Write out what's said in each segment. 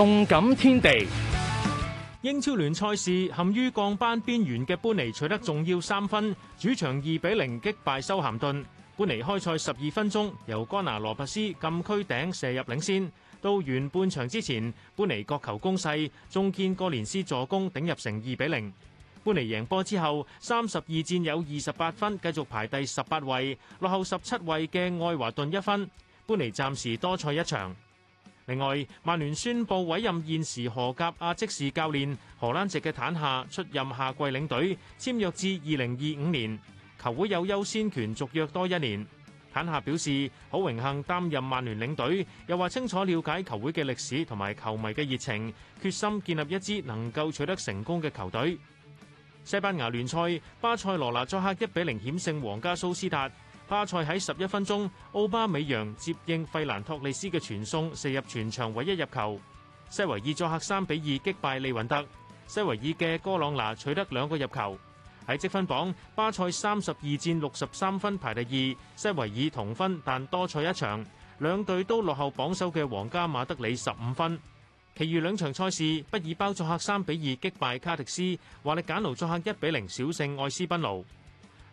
動感天地，英超聯賽事陷於降班邊緣嘅般尼取得重要三分，主場二比零擊敗修咸頓。般尼開賽十二分鐘，由干拿羅拔斯禁區頂射入領先，到完半場之前，般尼角球攻勢，中堅哥連斯助攻頂入成二比零。般尼贏波之後，三十二戰有二十八分，繼續排第十八位，落後十七位嘅愛華頓一分。般尼暫時多賽一場。另外，曼聯宣布委任現時荷甲阿積士教練荷蘭籍嘅坦夏出任下季領隊，簽約至二零二五年，球會有優先權續約多一年。坦夏表示好榮幸擔任曼聯領隊，又話清楚了解球會嘅歷史同埋球迷嘅熱情，決心建立一支能夠取得成功嘅球隊。西班牙聯賽，巴塞羅那作客一比零險勝皇家蘇斯達。巴塞喺十一分鐘，奧巴美揚接應費蘭托利斯嘅傳送，射入全場唯一入球。西維爾作客三比二擊敗利雲特。西維爾嘅哥朗拿取得兩個入球。喺積分榜，巴塞三十二戰六十三分排第二，西維爾同分但多賽一場，兩隊都落後榜首嘅皇家馬德里十五分。其餘兩場賽事，畢爾包作客三比二擊敗卡迪斯，華力簡奴作客一比零小勝愛斯賓奴。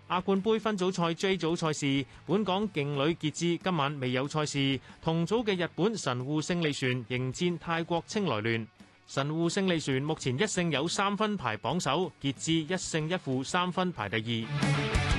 亞冠杯分組賽 J 組賽事，本港勁旅傑志今晚未有賽事，同組嘅日本神戶勝利船迎戰泰國清萊聯。神戶勝利船目前一勝有三分排榜首，傑志一勝一負三分排第二。